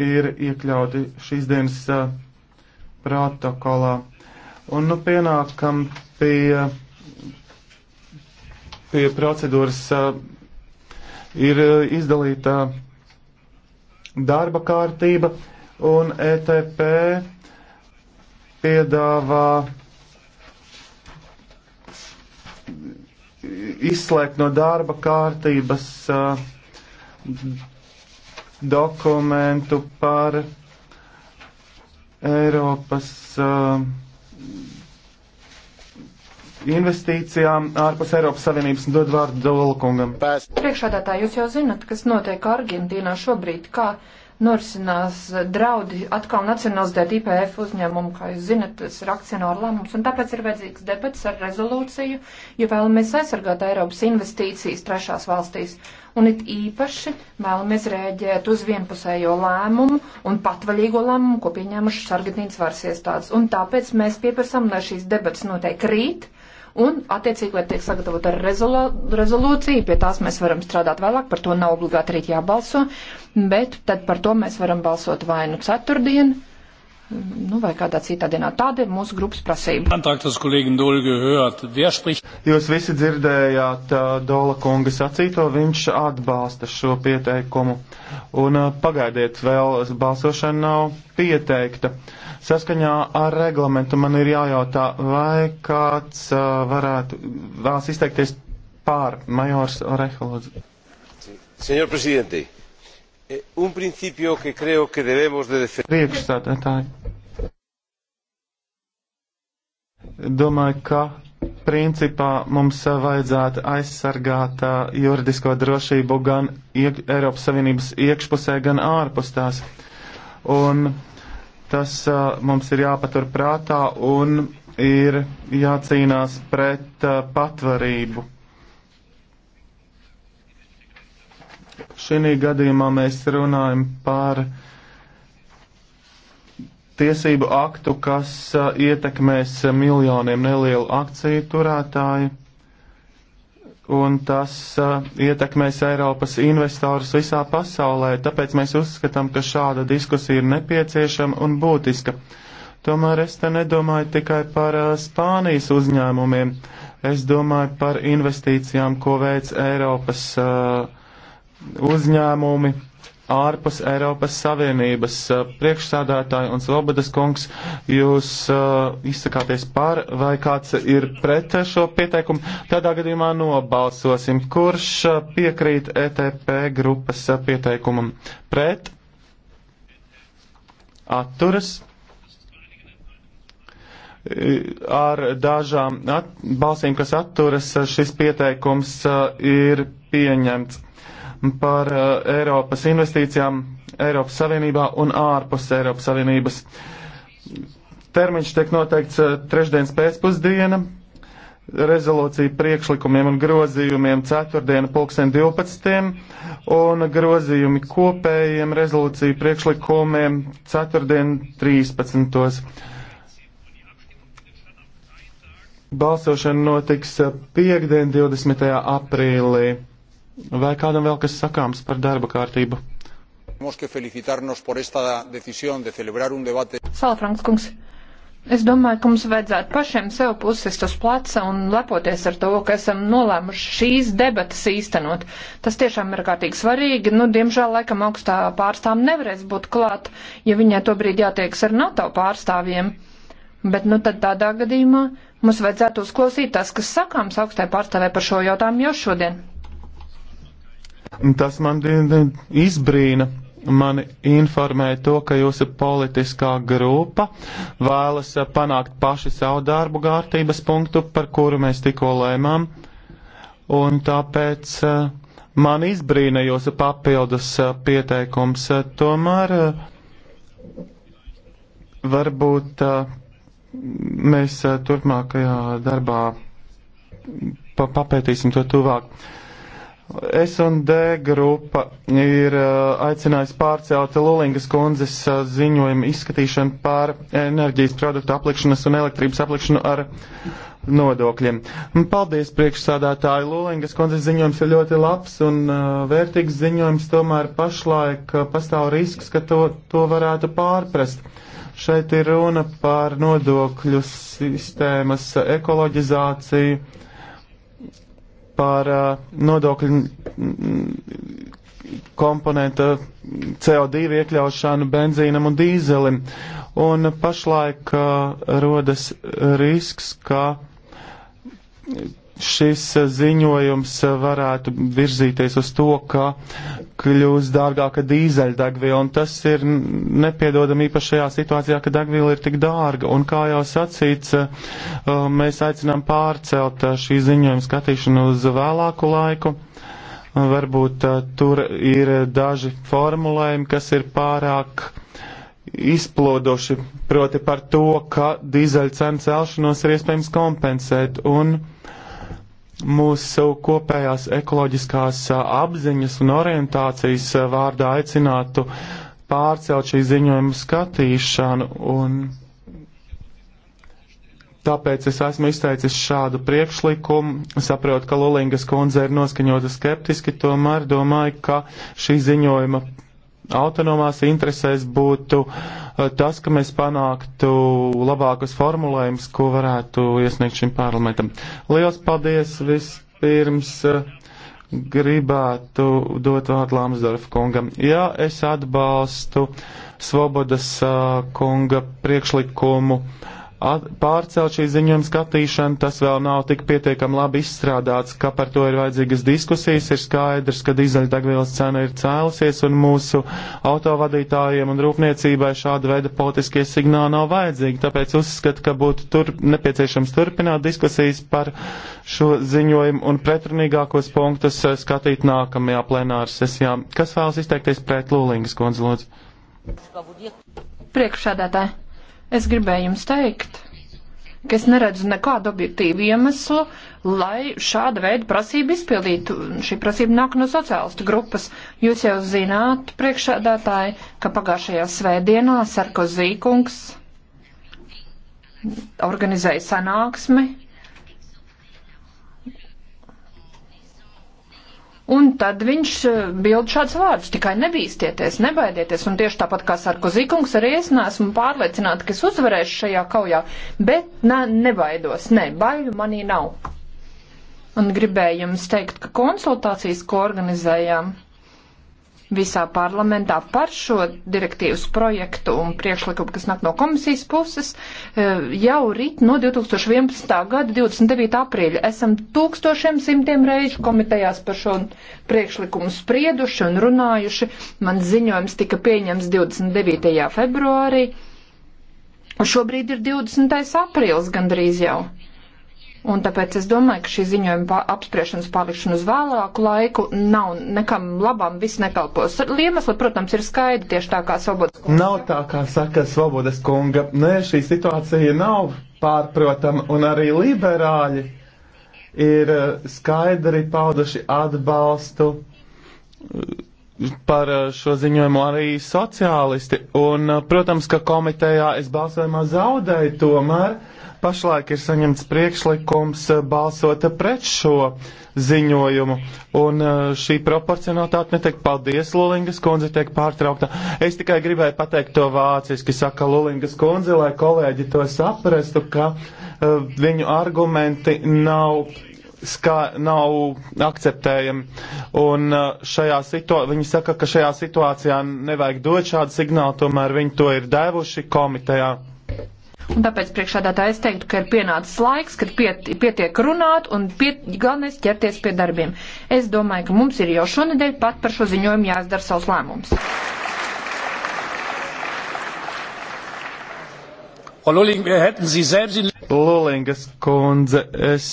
ir iekļauti šīs dienas uh, protokolā. Un nu pienākam pie, pie procedūras uh, ir uh, izdalīta darba kārtība un ETP piedāvā izslēgt no darba kārtības uh, dokumentu par Eiropas uh, investīcijām ārpus Eiropas Savienības un dod vārdu Dolokungam. Priekšādātā jūs jau zinat, kas notiek Argentīnā šobrīd, kā norisinās draudi atkal nacionalizēt IPF uzņēmumu, kā jūs zinat, tas ir akcionāru lēmums, un tāpēc ir vajadzīgs debats ar rezolūciju, jo vēlamies aizsargāt Eiropas investīcijas trešās valstīs. Un it īpaši vēlamies rēģēt uz vienpusējo lēmumu un patvaļīgo lēmumu, ko pieņēmušas Argentīnas varas iestādes. Un tāpēc mēs pieprasām, lai šīs debats notiek rīt un attiecīgi, lai tiek sagatavota rezolā, rezolūcija, pie tās mēs varam strādāt vēlāk, par to nav obligāti arī jābalso, bet tad par to mēs varam balsot vai nu ceturtdienu nu, vai kādā citā dienā. Tāda ir mūsu grupas prasība. Jūs visi dzirdējāt Dola kunga sacīto, viņš atbalsta šo pieteikumu. Un pagaidiet, vēl balsošana nav pieteikta. Saskaņā ar reglamentu man ir jājautā, vai kāds varētu vēlas izteikties pār majors Rehalodzi. Señor presidente, eh, un principio que creo que debemos de defender. Domāju, ka principā mums vajadzētu aizsargāt uh, juridisko drošību gan iek Eiropas Savienības iekšpusē, gan ārpus tās. Un tas uh, mums ir jāpatur prātā un ir jācīnās pret uh, patvarību. Šī gadījumā mēs runājam par uh, tiesību aktu, kas uh, ietekmēs uh, miljoniem nelielu akciju turētāju, un tas uh, ietekmēs Eiropas investors visā pasaulē. Tāpēc mēs uzskatām, ka šāda diskusija ir nepieciešama un būtiska. Tomēr es te nedomāju tikai par Spānijas uzņēmumiem. Es domāju par investīcijām, ko veic Eiropas uh, uzņēmumi ārpus Eiropas Savienības. Priekšsādātāji un Svobodas kungs, jūs uh, izsakāties par vai kāds ir pret šo pieteikumu? Tādā gadījumā nobalsosim. Kurš piekrīt ETP grupas pieteikumam? Pret? Atturas? Ar dažām at balsīm, kas atturas, šis pieteikums ir pieņemts par uh, Eiropas investīcijām Eiropas Savienībā un ārpus Eiropas Savienības. Termiņš tiek noteikts uh, trešdienas pēcpusdiena, rezolūcija priekšlikumiem un grozījumiem ceturtdiena pulksten 12 un grozījumi kopējiem rezolūciju priekšlikumiem ceturtdien 13. Balsošana notiks uh, piekdien 20. aprīlī. Vai kādam vēl kas sakāms par darba kārtību? Salafranks kungs, es domāju, ka mums vajadzētu pašiem sev pusist uz pleca un lepoties ar to, ka esam nolēmuši šīs debatas īstenot. Tas tiešām ir kārtīgi svarīgi. Nu, diemžēl laikam augstā pārstāvam nevarēs būt klāt, ja viņai to brīdi jātieks ar NATO pārstāvjiem. Bet nu tad tādā gadījumā mums vajadzētu uzklausīt tas, kas sakāms augstai pārstāvē par šo jautājumu jau šodien. Tas man izbrīna. Mani informēja to, ka jūsu politiskā grupa vēlas eh, panākt paši savu darbu kārtības punktu, par kuru mēs tikko lēmām. Un tāpēc eh, man izbrīna jūsu papildus eh, pieteikums. Tomēr varbūt mēs turpmākajā darbā papētīsim to tuvāk. S un D grupa ir uh, aicinājusi pārcelt Lulingas kundzes uh, ziņojumu izskatīšanu pār enerģijas produktu aplikšanas un elektrības aplikšanu ar nodokļiem. Paldies priekšsādātāju. Lulingas kundzes ziņojums ir ļoti labs un uh, vērtīgs ziņojums, tomēr pašlaik pastāv risks, ka to, to varētu pārprast. Šeit ir runa par nodokļu sistēmas ekoloģizāciju par uh, nodokļu komponenta CO2 iekļaušanu benzīnam un dīzelim. Un pašlaik uh, rodas risks, ka šis ziņojums varētu virzīties uz to, ka kļūs dārgāka dīzeļdegviela, un tas ir nepiedodami īpaši šajā situācijā, ka degviela ir tik dārga, un kā jau sacīts, uh, mēs aicinām pārcelt uh, šī ziņojuma skatīšanu uz vēlāku laiku. Varbūt uh, tur ir daži formulējumi, kas ir pārāk izplodoši, proti par to, ka dīzeļcenu celšanos ir iespējams kompensēt. Un, uh, mūsu kopējās ekoloģiskās apziņas un orientācijas vārdā aicinātu pārcelt šī ziņojuma skatīšanu. Un tāpēc es esmu izteicis šādu priekšlikumu. Saprotu, ka Lulingas kundze ir noskaņota skeptiski, tomēr domāju, ka šī ziņojuma autonomās interesēs būtu eh, tas, ka mēs panāktu labākus formulējumus, ko varētu iesniegt šim parlamentam. Liels paldies! Vispirms eh, gribētu dot vārdu Lamsdorf kungam. Jā, es atbalstu Svobodas eh, kunga priekšlikumu uh, pārcelt šī ziņojuma skatīšanu, tas vēl nav tik pietiekami labi izstrādāts, ka par to ir vajadzīgas diskusijas, ir skaidrs, ka dīzeļdegvielas cena ir cēlusies un mūsu autovadītājiem un rūpniecībai šāda veida politiskie signāli nav vajadzīgi, tāpēc uzskatu, ka būtu tur nepieciešams turpināt diskusijas par šo ziņojumu un pretrunīgākos punktus eh, skatīt nākamajā plenāra sesijā. Kas vēlas izteikties pret Lūlingas konzulots? Priekšsādātāji. Es gribēju jums teikt, ka es neredzu nekādu objektīvu iemeslu, lai šāda veida prasību izpildītu. Šī prasība nāk no sociālistu grupas. Jūs jau zināt, priekšādātāji, ka pagājušajā svētdienā Sarkozī kungs organizēja sanāksmi Un tad viņš eh, bild šāds vārdus, tikai nebīstieties, nebaidieties. Un tieši tāpat kā Sarkozī kungs, arī es neesmu pārliecināta, ka es uzvarēšu šajā kaujā, bet ne, nebaidos, ne, baidu manī nav. Un gribēju jums teikt, ka konsultācijas, ko organizējām, visā parlamentā par šo direktīvas projektu un priekšlikumu, kas nāk no komisijas puses, e, jau rīt no 2011. gada 29. aprīļa esam tūkstošiem simtiem reižu komitejās par šo priekšlikumu sprieduši un runājuši. Man ziņojums tika pieņems 29. februārī. Un šobrīd ir 20. aprīlis gandrīz jau. Un tāpēc es domāju, ka šī ziņojuma apspriešanas palikšana uz vēlāku laiku nav nekam labam, viss nekalpos. Liemesli, protams, ir skaidri tieši tā kā Svobodas kunga. Nav tā, kā saka Svobodas kunga. Nē, šī situācija nav pārprotama, un arī liberāļi ir eh, skaidri pauduši atbalstu eh, par eh, šo ziņojumu arī sociālisti. Un, protams, ka komitejā es balsojumā zaudēju tomēr Pašlaik ir saņemts priekšlikums eh, balsot pret šo ziņojumu, un eh, šī proporcionalitāte netiek paldies, Lulingas kundze tiek pārtraukta. Es tikai gribēju pateikt to vāciski, saka Lulingas kundze, lai kolēģi to saprastu, ka uh, viņu argumenti nav skā, nav akceptējami. Un šajā situācijā, viņi saka, ka šajā situācijā nevajag dot šādu signālu, tomēr viņi to ir devuši komitejā. Un tāpēc priekšādātāji es teiktu, ka ir pienācis laiks, kad piet, pietiek runāt un piet, galvenais ķerties pie darbiem. Es domāju, ka mums ir jau šonadēļ pat par šo ziņojumu jāizdara savs lēmums. Lulingas kundze, es,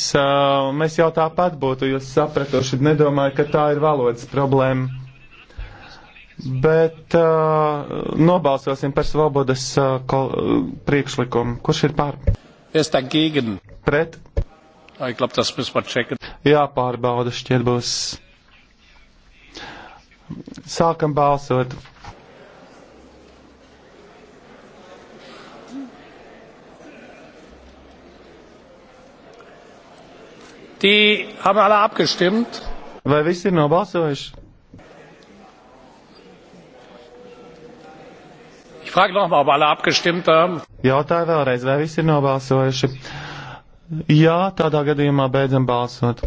mēs jau tāpat būtu jūs sapratuši, nedomāju, ka tā ir valodas problēma. Bet uh, nobalsosim par Svobodas uh, kol, uh, priekšlikumu. Kurš ir pār? Es tā gīgan. Pret? Ai, klap, tas mēs var čekat. Jā, pārbauda šķiet būs. Sākam balsot. Die haben alle abgestimmt. Vai visi ir nobalsojuši? Jautāju vēlreiz, vai visi ir nobalsojuši? Jā, tādā gadījumā beidzam balsot.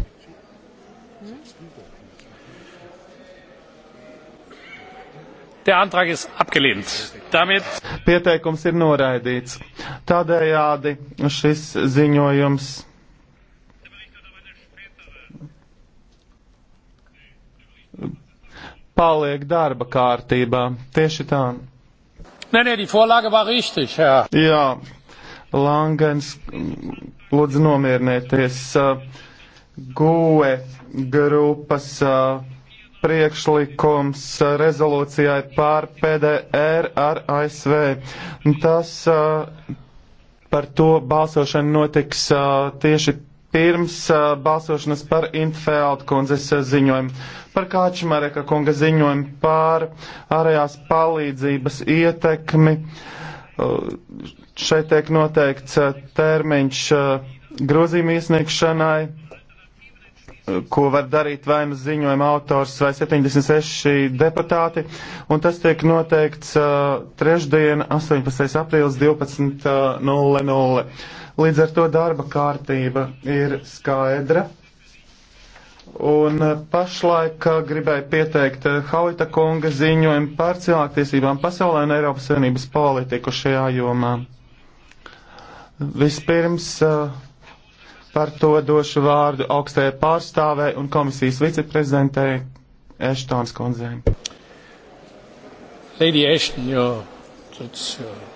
Der Antrag ist abgelehnt. Damit Pieteikums ir noraidīts. Tādējādi šis ziņojums. Paliek darba kārtībā. Tieši tā. Nē, nē, die Vorlage war richtig, Herr. Jā, Langens, lūdzu nomierinieties. Gue grupas priekšlikums rezolūcijai pār PDR ar ASV. Tas par to balsošana notiks tieši Pirms uh, balsošanas par Intfeldu kundzes ziņojumu, par Kāčmareka kunga ziņojumu, par ārējās palīdzības ietekmi, uh, šeit tiek noteikts uh, termiņš uh, grozījuma iesniegšanai. Eh, ko var darīt vainas ziņojuma autors vai 76 deputāti, un tas tiek noteikts uh, trešdien, 18. aprīlis 12.00. Eh, Līdz ar to darba kārtība ir skaidra. Un pašlaik gribēju pieteikt Hauita kunga ziņojumu par cilvēktiesībām pasaulē un Eiropas Savienības politiku šajā jomā. Vispirms uh, Par to došu vārdu augstajai pārstāvē un komisijas viceprezidentei Eštons kundzei. Lady Ashton, your, that's your uh,